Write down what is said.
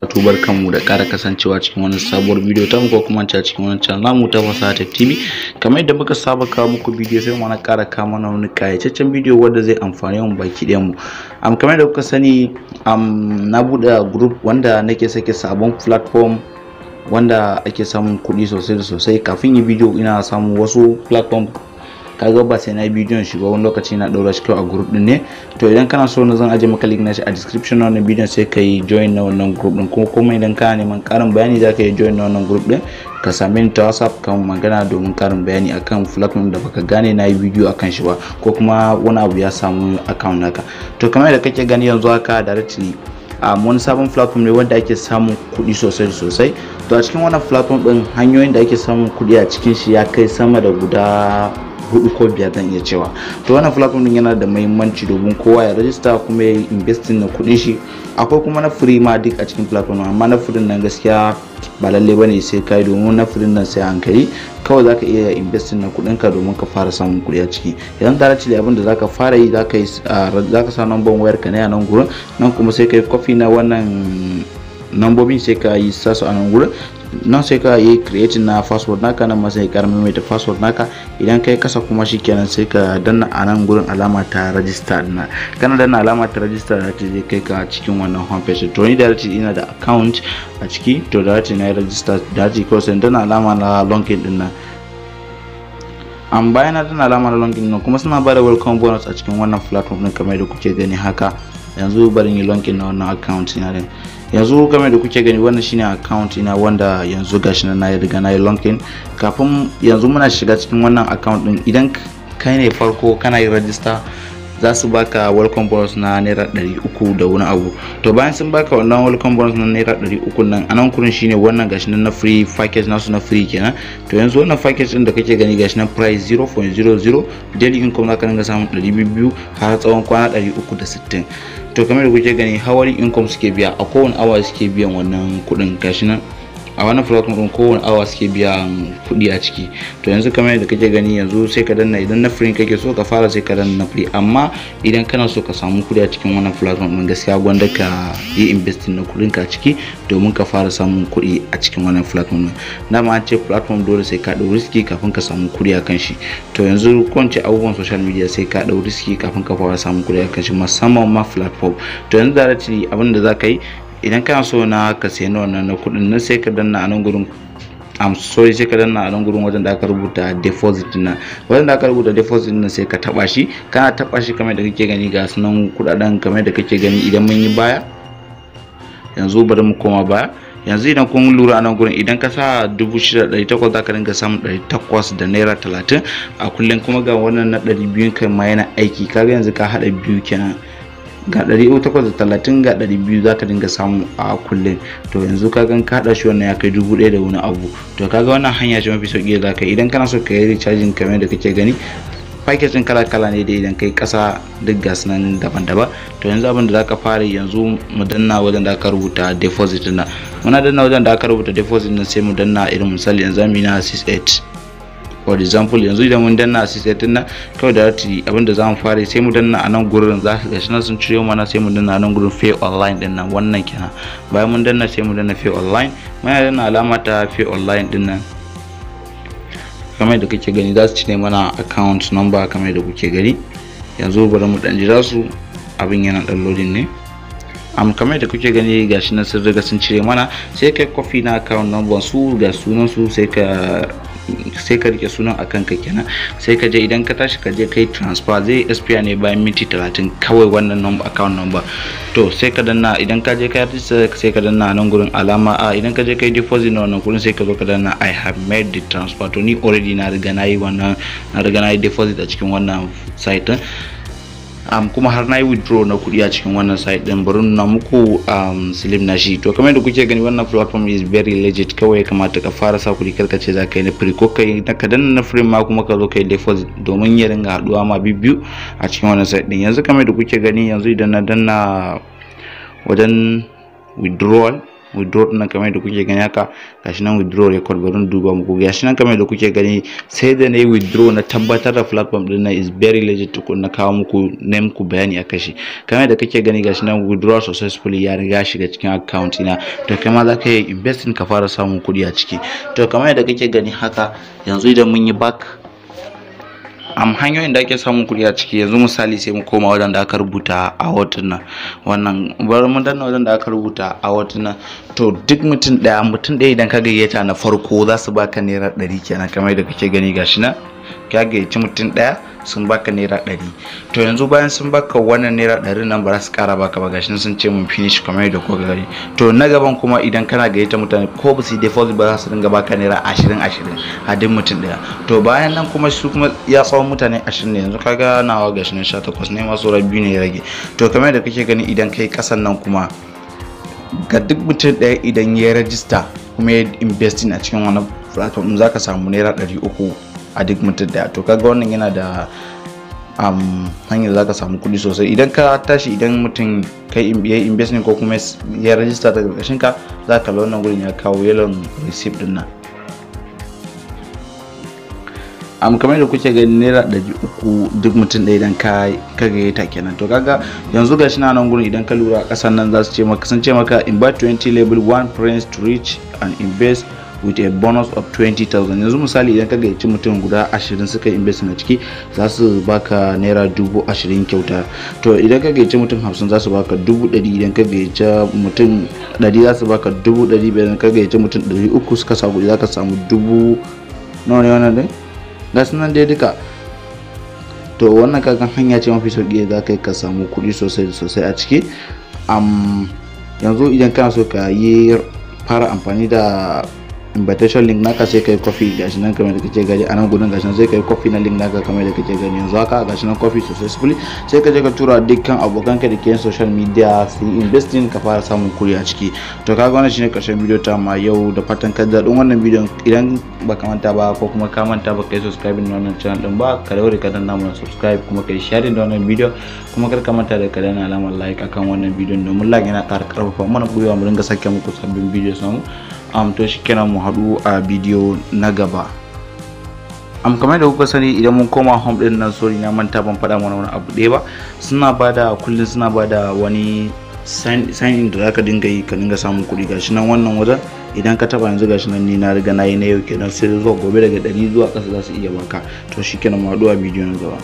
wato barkanmu da ƙara kasancewa cikin wani sabuwar bidiyo ta muka kuma ta cikin wani channel namu ta fasaha tech tv kamar yadda muka saba kawo muku bidiyo sai mu na ƙara kama mana wani kayataccen bidiyo wanda zai amfani mu baki ɗayan mu am kamar yadda kuka sani am na buɗe group wanda nake sake sabon platform wanda ake samun kuɗi sosai da sosai kafin yi bidiyo ina samun wasu platform kaga ba sai na bidiyon shi ba wani lokaci na daura shi a group din ne to idan kana so na zan aje maka link na shi a description na wannan bidiyon sai ka yi join na wannan group din kuma kuma idan kana neman karin bayani za ka yi join na wannan group din ka sami ni ta whatsapp kan magana domin karin bayani akan platform da baka gane na yi bidiyo akan shi ba ko kuma wani abu ya samu account naka to kamar da kake gani yanzu haka directly a wani sabon platform ne wanda ake samun kuɗi sosai sosai to a cikin wannan platform ɗin hanyoyin da ake samun kuɗi a cikin shi ya kai sama da guda hudu ko biyar zan iya cewa to wannan platform din yana da muhimmanci domin kowa ya rajista kuma ya yi investing na kudin shi akwai kuma na free ma duk a cikin platform amma na free nan gaskiya ba lalle bane sai kai domin na free nan sai an kai kawai zaka iya investing na kuɗin ka domin ka fara samun kuɗi a ciki idan tare ci abin da zaka fara yi zaka zaka sa number wayar ka ne a nan gurin nan kuma sai kai copy na wannan nambobin sai ka yi sasu a nan gurin nan sai ka yi creating na password naka nan ma sai karamin mai da password naka idan kai kasa kuma shi kenan sai ka danna a nan gurin alama ta register na kana danna alama ta register da ta zai kai ka cikin wannan homepage to ni da ina da account a ciki to da na register da ko sai danna alama na login din nan an bayana danna alama na login na kuma suna bada welcome bonus a cikin wannan platform din kamar da kuke gani haka yanzu barin yi login na wannan account na din yanzu game da kuke gani wannan shine account ina wanda yanzu gashi na na riga na yi login kafin yanzu muna shiga cikin wannan account din idan kai ne farko kana yin rajista za su baka welcome bonus na naira 300 da wani abu to bayan sun baka wannan welcome bonus na naira 300 nan anan kurin shine wannan gashi na free package nasu na free kenan to yanzu wannan package din da kake gani gashi price 0.00 daily income zaka dinga samun 200 har tsawon kwana 360 to kamar da kuke gani hawari income suke biya a kowane awa suke biyan wannan kudin gashi nan a wannan platform din kowane awa suke biyan kuɗi a ciki to yanzu kamar yadda kake gani yanzu sai ka danna idan na free kake so ka fara sai ka danna na free amma idan kana so ka samu kuɗi a cikin wannan platform din gaskiya gwanda ka yi investing na kuɗin ka ciki domin ka fara samun kuɗi a cikin wannan platform Na ma an ce platform dole sai ka ɗau riski kafin ka samu kuɗi a kan shi to yanzu kwance abubuwan social media sai ka ɗau riski kafin ka fara samun kuɗi a kan shi musamman ma platform to yanzu da abin da za ka yi idan kana so na ka sayi na wannan na kuɗin nan sai ka danna a nan gurin am sorry sai ka danna a nan gurin wajen da aka rubuta deposit na wajen da aka rubuta deposit na sai ka taba shi kana taba shi kamar da kake gani ga sunan kudaden kamar da kake gani idan mun yi baya yanzu bari mu koma baya yanzu idan kun lura a nan gurin idan ka sa 6,800 za ka dinga samun 800 da naira 30 a kullum kuma ga wannan na 200 kan ma yana aiki kaga yanzu ka hada biyu kenan ga 830 ga 200 za ka dinga samu a kullum to yanzu ka gan kada shi wannan ya kai dubu ɗaya da wani abu to kaga wannan hanya ce mafi sauki da za ka idan kana so ka yi recharging kamar da kake gani packaging kala-kala ne da idan kai kasa duk gas nan daban-daban to yanzu abin da za ka fara yanzu mu danna wajen da aka rubuta deposit na muna danna wajen da aka rubuta deposit na sai mu danna irin misali yanzu mu 68 for example yanzu idan mun danna assist din nan kawai da rati abinda za mu fara sai mu danna a nan gurin za ka gashi nan sun cire mana sai mu danna a nan gurin fair online din nan wannan kenan bayan mun danna sai mu danna fair online muna danna alama ta fair online din nan kamar da kake gani za su cire mana account number kamar da kuke gani yanzu bari mu dan jira su abin yana dan loading ne am kamar da kuke gani gashi na sun riga sun cire mana sai kai kofi na account number su ga sunan su sai ka sai ka rike sunan akan ka kenan sai ka je idan ka tashi ka je kai transfer zai expire ne bayan minti 30 kawai wannan number account number to sai ka danna idan ka je kai register sai ka danna nan gurin alama a idan ka je kai deposit na wannan gurin sai ka zo ka danna i have made the transfer to ni already na riga na yi wannan na riga na yi deposit a cikin wannan site um, kuma har na yi withdraw na kuɗi a cikin wannan site din bari na muku um, slim na shi to kamar da kuke gani wannan platform is very legit kawai kamata ka fara sa kuɗi karka ce za ka yi na free ko kai na ka danna na free ma kuma ka zo ka yi deposit domin ya ringa haɗuwa ma biyu a cikin wannan site din yanzu kamar da kuke gani yanzu idan na danna wajen withdrawal withdraw din nan kamar da kuke gani haka gashi nan withdraw record bari duba muku gashi nan kamar da kuke gani sai da na yi withdraw na tabbatar da platform din nan is very legit na kawo muku name ku bayani a kashi kamar da kake gani gashi nan withdraw successfully ya riga ga cikin account ina to kai ma za ka yi investing ka fara samun kuɗi a ciki to kamar da kake gani haka yanzu idan mun yi back am hanyoyin da ake samun kuɗi a ciki yanzu misali sai mu koma wajen da aka rubuta a watan nan, wannan bar mu danna wajen da aka rubuta a watan nan. to duk mutum ɗaya mutum ɗaya idan ka gayyata na farko za su baka naira ɗari kenan kamar da kake gani gashi na ka gayyaci mutum ɗaya sun baka naira ɗari to yanzu bayan sun baka wannan naira ɗari nan ba za su ƙara baka ba gashin sun ce mun finish kamar yadda ko gari to na gaban kuma idan kana gayyata mutane ko ba su yi default ba za su dinga baka naira ashirin ashirin a duk mutum ɗaya to bayan nan kuma su kuma ya tsawon mutane ashirin ne yanzu kaga nawa gashin sha takwas ne masu rabi ne ya rage to kamar yadda kake gani idan kai kasan nan kuma ga duk mutum ɗaya idan ya rajista kuma ya investing a cikin wani platform za ka samu naira ɗari uku a duk mutum daya to kaga wannan yana da um, hanyar za ka samu kuɗi sosai idan ka tashi idan mutum kai yi investment ko kuma ya rajista ta ƙarƙashin ka za ka wannan gurin ya kawo yellow receipt din nan am um, kamar da kuke gani naira ɗari uku duk mutum ɗaya idan ka kaga ta kenan to kaga yanzu ga shi nan gurin idan ka lura ƙasar nan za su ce maka sun ce maka invite 20 level 1 friends to reach and invest with a bonus of 20,000 yanzu misali idan ka gaici mutum guda 20 suka invest na ciki za su baka naira dubu 20 kyauta to idan ka gaici mutum 50 za su baka dubu 100 idan ka gaici mutum 100 za su baka dubu 100 idan ka gaici mutum 300 suka samu za ka samu dubu nawa ne wannan ɗin gasu nan dai duka to wannan kakan hanya ce mafi sauki za ka ka samu kuɗi sosai sosai a ciki yanzu idan kana so ka yi fara amfani da invitation link naka sai kai coffee gashi nan kamar da kake gani a nan gudun gashi nan sai kai coffee na link naka kamar da kake gani yanzu haka gashi nan coffee successfully sai ka je ka tura dukkan abokan ka da ke social media su yi investing ka fara samun kuri a ciki to kaga wannan shine karshen bidiyo ta ma yau da fatan ka daɗin wannan bidiyon idan ba baka manta ba ko kuma ka manta ba kai subscribe na wannan channel din ba ka daure ka danna mana subscribe kuma kai share da wannan bidiyo kuma kar ka manta da ka danna alamar like akan wannan video domin like yana ƙara ƙarfafa mana gwiwa mu dinga sake muku sabbin bidiyo samu um, to shi kenan mu haɗu a bidiyo na gaba am kamar da kuka sani idan mun koma home din nan sorry na manta ban faɗa mana wani abu ɗaya ba suna bada kullum suna ba da wani sign in da zaka dinga yi ka dinga samun kuɗi gashi nan wannan wajen idan ka taba yanzu gashi nan ni na riga na yi na yau kenan sai zuwa gobe daga ɗari zuwa ƙasa za su iya baka to kenan mu haɗu a bidiyo na gaba